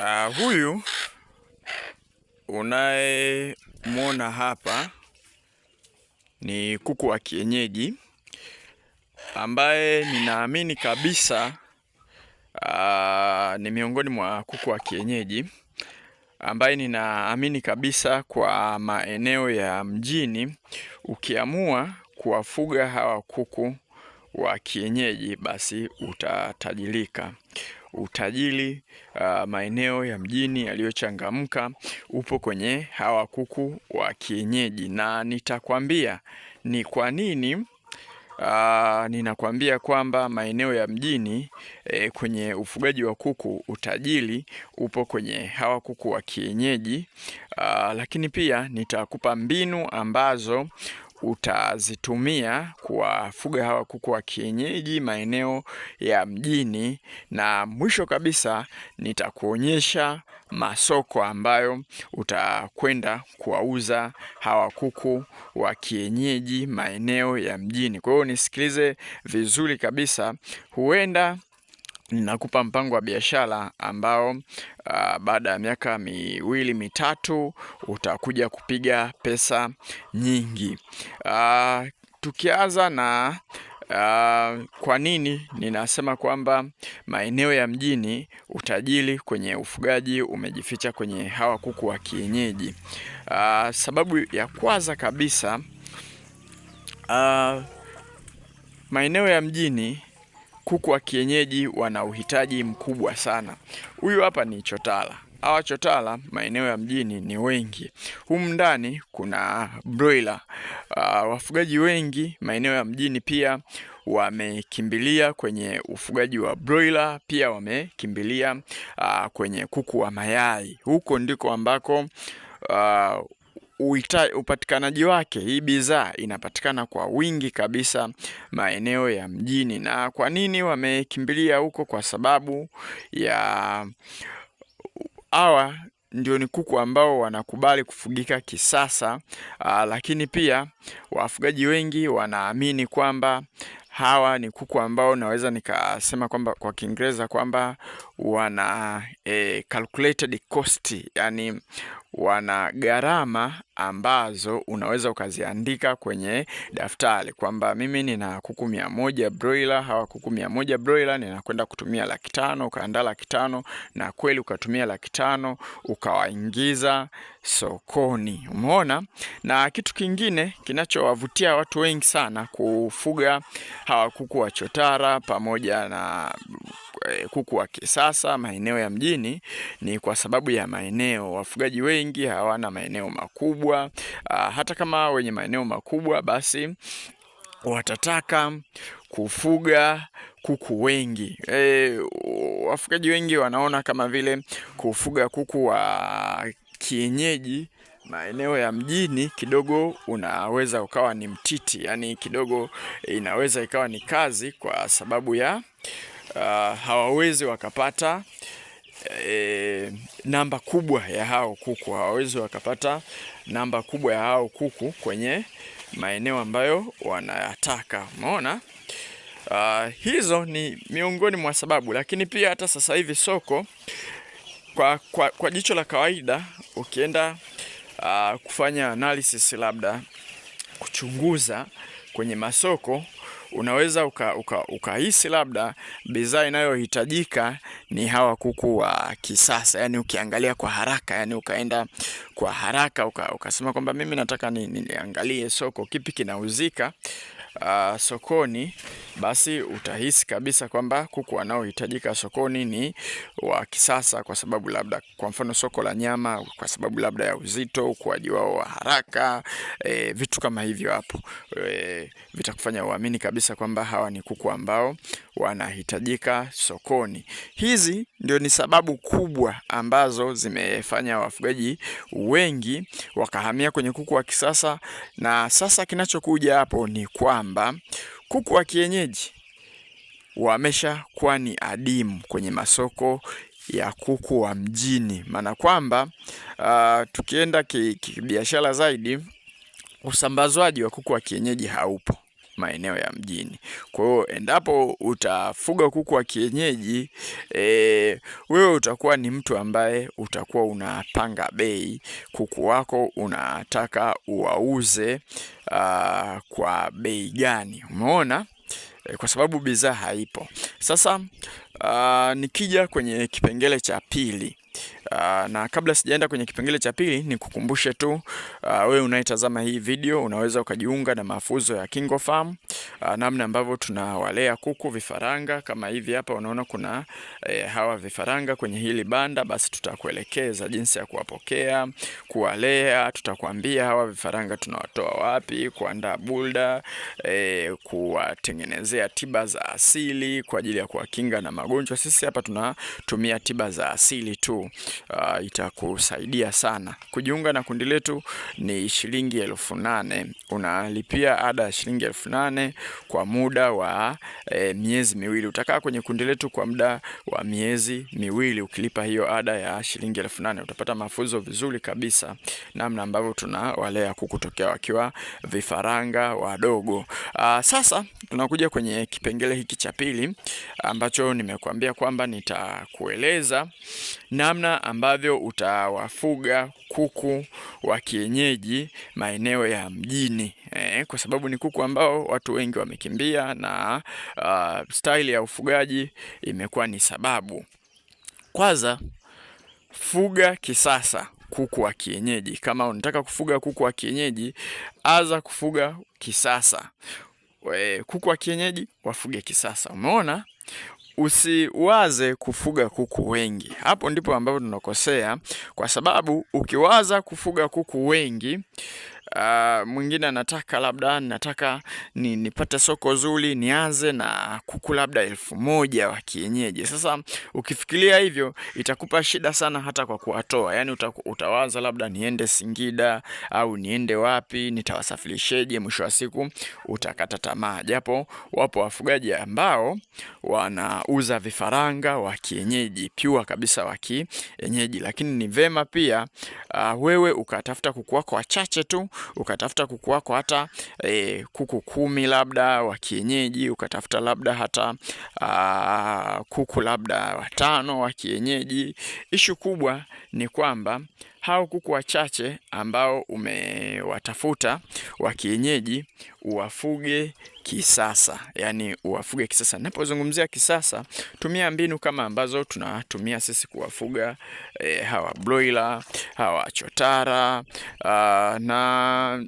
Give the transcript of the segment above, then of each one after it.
Uh, huyu unayemwona hapa ni kuku wa kienyeji ambaye ninaamini kabisa uh, ni miongoni mwa kuku wa kienyeji ambaye ninaamini kabisa kwa maeneo ya mjini, ukiamua kuwafuga hawa kuku wa kienyeji basi utatajirika utajiri uh, maeneo ya mjini yaliyochangamka upo kwenye hawa kuku wa kienyeji, na nitakwambia ni kwa nini. Uh, ninakwambia kwamba maeneo ya mjini eh, kwenye ufugaji wa kuku utajiri upo kwenye hawa kuku wa kienyeji uh, lakini pia nitakupa mbinu ambazo utazitumia kuwafuga hawa kuku wa kienyeji maeneo ya mjini, na mwisho kabisa nitakuonyesha masoko ambayo utakwenda kuwauza hawa kuku wa kienyeji maeneo ya mjini. Kwa hiyo nisikilize vizuri kabisa, huenda ninakupa mpango wa biashara ambao uh, baada ya miaka miwili mitatu utakuja kupiga pesa nyingi. Uh, tukianza na Uh, kwa nini ninasema kwamba maeneo ya mjini utajiri kwenye ufugaji umejificha kwenye hawa kuku wa kienyeji? Uh, sababu ya kwanza kabisa, uh, maeneo ya mjini kuku wa kienyeji wana uhitaji mkubwa sana. Huyu hapa ni chotala. Hawa chotala maeneo ya mjini ni wengi. Humu ndani kuna broiler. Uh, wafugaji wengi maeneo ya mjini pia wamekimbilia kwenye ufugaji wa broiler, pia wamekimbilia uh, kwenye kuku wa mayai. Huko ndiko ambako uh, upatikanaji wake, hii bidhaa inapatikana kwa wingi kabisa maeneo ya mjini. Na kwa nini wamekimbilia huko? Kwa sababu ya hawa ndio ni kuku ambao wanakubali kufugika kisasa. Aa, ah, lakini pia wafugaji wengi wanaamini kwamba hawa ni kuku ambao naweza nikasema kwamba kwa Kiingereza kwamba wana e, calculated cost, yani wana gharama ambazo unaweza ukaziandika kwenye daftari kwamba mimi nina kuku mia moja broiler, hawa kuku mia moja broiler ninakwenda kutumia laki tano. Ukaandaa laki tano na kweli ukatumia laki tano ukawaingiza sokoni, umeona. Na kitu kingine kinachowavutia watu wengi sana kufuga hawa kuku wa chotara pamoja na Eh, kuku wa kisasa maeneo ya mjini ni kwa sababu ya maeneo. Wafugaji wengi hawana maeneo makubwa. Aa, ah, hata kama wenye maeneo makubwa basi watataka kufuga kuku wengi. E, wafugaji wengi wanaona kama vile kufuga kuku wa kienyeji maeneo ya mjini kidogo unaweza ukawa ni mtiti, yaani kidogo inaweza ikawa ni kazi kwa sababu ya uh, hawawezi wakapata e, namba kubwa ya hao kuku, hawawezi wakapata namba kubwa ya hao kuku kwenye maeneo ambayo wanayataka. Umeona? Uh, hizo ni miongoni mwa sababu, lakini pia hata sasa hivi soko kwa, kwa, kwa jicho la kawaida ukienda uh, kufanya analysis labda kuchunguza kwenye masoko unaweza ukahisi uka, uka labda bidhaa inayohitajika ni hawa kuku wa kisasa, yani ukiangalia kwa haraka, yani ukaenda kwa haraka ukasema uka kwamba mimi nataka ni, ni, niangalie soko kipi kinauzika uh, sokoni, basi utahisi kabisa kwamba kuku wanaohitajika sokoni ni wa kisasa, kwa sababu labda kwa mfano soko la nyama, kwa sababu labda ya uzito, ukuaji wao wa haraka e, vitu kama hivyo hapo e, vitakufanya uamini kabisa kwamba hawa ni kuku ambao wanahitajika sokoni. Hizi ndio ni sababu kubwa ambazo zimefanya wafugaji wengi wakahamia kwenye kuku wa kisasa, na sasa kinachokuja hapo ni kwamba kwamba kuku wa kienyeji wameshakuwa ni adimu kwenye masoko ya kuku wa mjini, maana kwamba uh, tukienda kibiashara ki zaidi, usambazwaji wa kuku wa kienyeji haupo maeneo ya mjini. Kwa hiyo endapo utafuga kuku wa kienyeji e, wewe utakuwa ni mtu ambaye utakuwa unapanga bei. Kuku wako unataka uwauze kwa bei gani? Umeona e, kwa sababu bidhaa haipo. Sasa a, nikija kwenye kipengele cha pili Uh, na kabla sijaenda kwenye kipengele cha pili nikukumbushe tu uh, wewe unayetazama hii video unaweza ukajiunga na mafuzo ya Kingo Farm uh, namna ambavyo tunawalea kuku vifaranga kama hivi hapa unaona kuna eh, hawa vifaranga kwenye hili banda, basi tutakuelekeza jinsi ya kuwapokea, kuwalea, tutakwambia hawa vifaranga tunawatoa wapi, kuandaa bulda, eh, kuwatengenezea tiba za asili kwa ajili ya kuwakinga na magonjwa. Sisi hapa tunatumia tiba za asili tu uh, itakusaidia sana. Kujiunga na kundi letu ni shilingi elfu nane. Unalipia ada ya shilingi elfu nane kwa muda wa e, miezi miwili. Utakaa kwenye kundi letu kwa muda wa miezi miwili. Ukilipa hiyo ada ya shilingi elfu nane utapata mafunzo vizuri kabisa, namna ambavyo tunawalea kuku tokea wakiwa vifaranga wadogo. Uh, sasa tunakuja kwenye kipengele hiki cha pili ambacho nimekuambia kwamba nitakueleza namna ambavyo utawafuga kuku wa kienyeji maeneo ya mjini eh, kwa sababu ni kuku ambao watu wengi wamekimbia na uh, staili ya ufugaji imekuwa ni sababu. Kwanza, fuga kisasa kuku wa kienyeji. Kama unataka kufuga kuku wa kienyeji, aza kufuga kisasa. We, kuku wa kienyeji wafuge kisasa. Umeona? usiwaze kufuga kuku wengi. Hapo ndipo ambapo tunakosea, kwa sababu ukiwaza kufuga kuku wengi Uh, mwingine anataka labda nataka ni, nipate soko zuri nianze na kuku labda elfu moja wa kienyeji. Sasa ukifikiria hivyo itakupa shida sana hata kwa kuwatoa, yaani utawaza labda niende Singida au niende wapi, nitawasafirisheje? Mwisho wa siku utakata tamaa, japo wapo wafugaji ambao wanauza vifaranga wa kienyeji pure kabisa wa kienyeji, lakini ni vema pia uh, wewe ukatafuta kuku wako wachache tu ukatafuta kuku wako hata e, kuku kumi labda wa kienyeji, ukatafuta labda hata a, kuku labda watano wa kienyeji. Ishu kubwa ni kwamba hao kuku wachache ambao umewatafuta wa kienyeji uwafuge kisasa, yani uwafuge kisasa. Napozungumzia kisasa, tumia mbinu kama ambazo tunatumia sisi kuwafuga e, hawa broiler, hawa chotara a, ah, na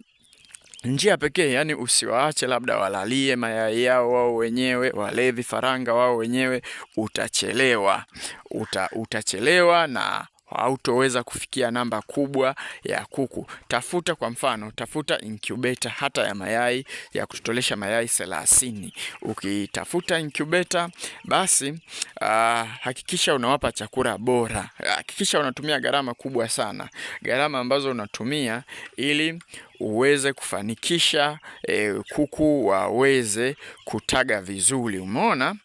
njia pekee yani, usiwaache labda walalie mayai yao wao wenyewe, walee vifaranga wao wenyewe, utachelewa uta, utachelewa na hautoweza kufikia namba kubwa ya kuku. Tafuta kwa mfano, tafuta incubator hata ya mayai ya kutotolesha mayai thelathini. Ukitafuta incubator basi uh, hakikisha unawapa chakula bora, hakikisha unatumia gharama kubwa sana, gharama ambazo unatumia ili uweze kufanikisha e, kuku waweze kutaga vizuri. Umeona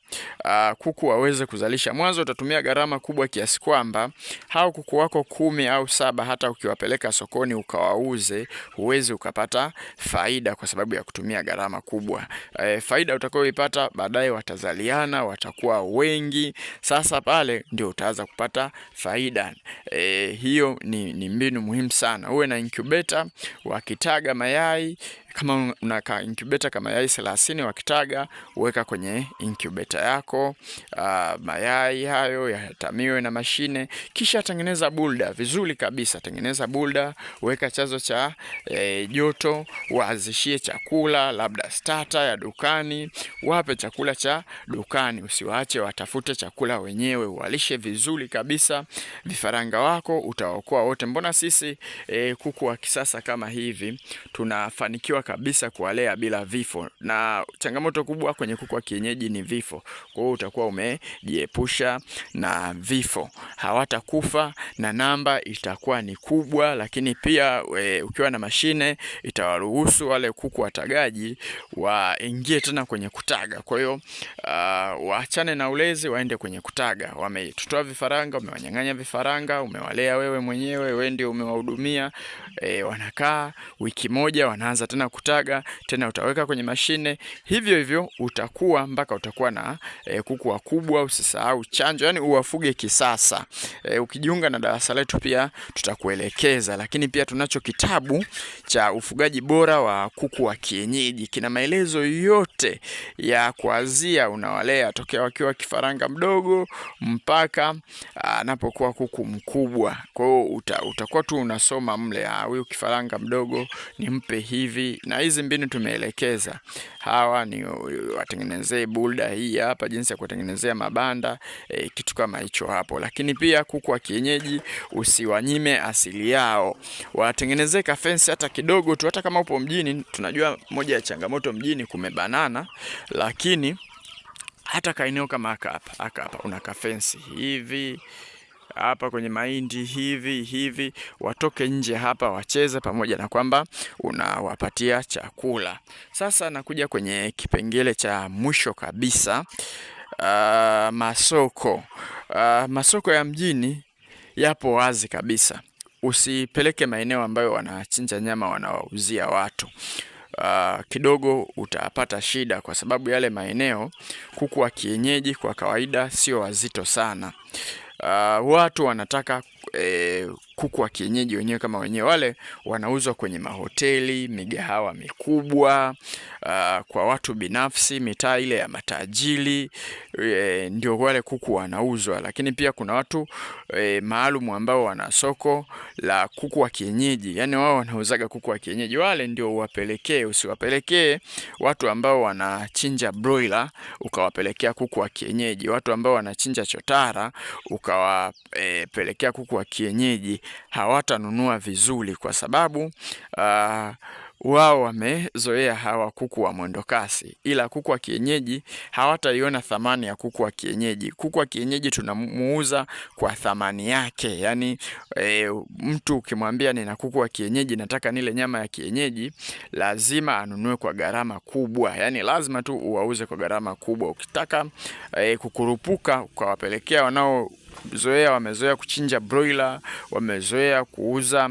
ah, kuku waweze kuzalisha. Mwanzo utatumia gharama kubwa kiasi kwamba hao kuku wako kumi au saba hata ukiwapeleka sokoni ukawauze huwezi ukapata faida kwa sababu ya kutumia gharama kubwa. E, faida utakayoipata baadaye, watazaliana watakuwa wengi, sasa pale ndio utaanza kupata faida. E, hiyo ni, ni mbinu muhimu sana, uwe na incubator wakita Chaga Mayai, Kama unaka incubator kama yai thelathini wakitaga, uweka kwenye incubator yako. Uh, mayai hayo yatamiwe na mashine, kisha tengeneza bulda vizuri kabisa. Tengeneza bulda, weka chazo cha e, joto, waazishie chakula labda starter ya dukani, wape chakula cha dukani, usiwaache watafute chakula wenyewe, walishe vizuri kabisa. Vifaranga wako utawaokoa wote. Mbona sisi e, kuku wa kisasa kama hivi tunafanikiwa kabisa kuwalea bila vifo, na changamoto kubwa kwenye kuku wa kienyeji ni vifo. Kwa hiyo utakuwa umejiepusha na vifo, hawatakufa na namba itakuwa ni kubwa, lakini pia we, ukiwa na mashine itawaruhusu wale kuku watagaji waingie tena kwenye kutaga. Kwa hiyo uh, waachane na ulezi waende kwenye kutaga. Wametutoa vifaranga, umewanyang'anya vifaranga, umewalea wewe mwenyewe, wewe ndio umewahudumia. E, wanakaa wiki moja wanaanza tena kutaga tena, utaweka kwenye mashine hivyo hivyo, utakuwa mpaka utakuwa na e, kuku wakubwa. Usisahau chanjo, yani uwafuge kisasa. E, ukijiunga na darasa letu pia tutakuelekeza, lakini pia tunacho kitabu cha ufugaji bora wa kuku wa kienyeji, kina maelezo yote ya kuanzia unawalea tokea wakiwa kifaranga mdogo mpaka ah, anapokuwa kuku mkubwa. Kwa hiyo uta, utakuwa tu unasoma mle, ah, huyu kifaranga mdogo nimpe hivi na hizi mbinu tumeelekeza. Hawa ni watengenezee bulda hii hapa, jinsi ya kutengenezea mabanda e, kitu kama hicho hapo. Lakini pia kuku wa kienyeji usiwanyime asili yao, watengenezee kafensi hata kidogo tu, hata kama upo mjini. Tunajua moja ya changamoto mjini kumebanana, lakini hata kaeneo kama haka hapa hapa, una kafensi hivi hapa kwenye mahindi hivi hivi, watoke nje hapa wacheze, pamoja na kwamba unawapatia chakula. Sasa nakuja kwenye kipengele cha mwisho kabisa, uh, masoko. Uh, masoko ya mjini yapo wazi kabisa, usipeleke maeneo ambayo wanachinja nyama wanawauzia watu. Uh, kidogo utapata shida kwa sababu yale maeneo kuku wa kienyeji kwa kawaida sio wazito sana uh, watu wanataka e, kuku wa kienyeji wenyewe kama wenyewe wale wanauzwa kwenye mahoteli, migahawa mikubwa, uh, kwa watu binafsi, mitaa ile ya matajiri e, ndio wale kuku wanauzwa. Lakini pia kuna watu e, maalum ambao wana soko la kuku wa kienyeji, yani wao wanauzaga kuku wa kienyeji wale, ndio uwapelekee. Usiwapelekee watu ambao wanachinja broiler ukawapelekea kuku wa kienyeji, watu ambao wanachinja chotara ukawapelekea kuku wa kienyeji hawatanunua vizuri kwa sababu uh, wao wamezoea hawa kuku wa mwendokasi, ila kuku wa kienyeji hawataiona thamani ya kuku wa kienyeji. Kuku wa kienyeji tunamuuza kwa thamani yake, yani e, mtu ukimwambia nina kuku wa kienyeji, nataka nile nyama ya kienyeji, lazima anunue kwa gharama kubwa, yani lazima tu uwauze kwa gharama kubwa. Ukitaka e, kukurupuka ukawapelekea wanao zoea, wamezoea kuchinja broiler, wamezoea kuuza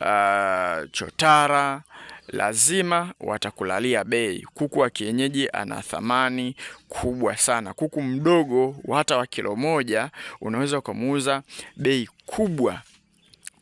uh, chotara lazima watakulalia bei. Kuku wa kienyeji ana thamani kubwa sana. Kuku mdogo hata wa kilo moja unaweza ukamuuza bei kubwa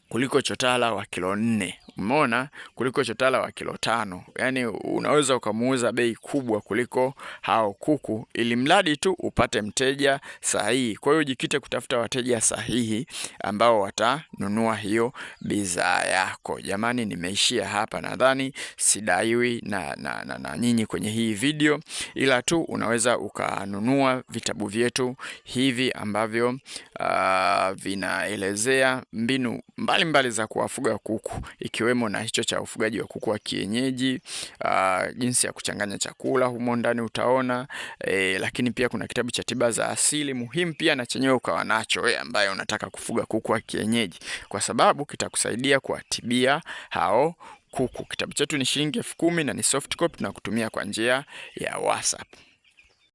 kuliko chotara wa kilo nne umeona, kuliko chotara wa kilo tano. Yani unaweza ukamuuza bei kubwa kuliko hao kuku, ili mradi tu upate mteja sahihi. Kwa hiyo jikite kutafuta wateja sahihi ambao watanunua hiyo bidhaa yako. Jamani, nimeishia hapa, nadhani sidaiwi na, na, na, na nyinyi kwenye hii video, ila tu unaweza ukanunua vitabu vyetu hivi ambavyo uh, vinaelezea mbinu mbalimbali mbali za kuwafuga kuku ikiwa ikiwemo na hicho cha ufugaji wa kuku wa kienyeji, uh, jinsi ya kuchanganya chakula humo ndani utaona e, lakini pia kuna kitabu cha tiba za asili muhimu pia na chenyewe ukawa nacho wewe ambaye unataka kufuga kuku wa kienyeji, kwa sababu kitakusaidia kuwatibia hao kuku. Kitabu chetu ni shilingi elfu kumi na ni soft copy na kutumia kwa njia ya WhatsApp.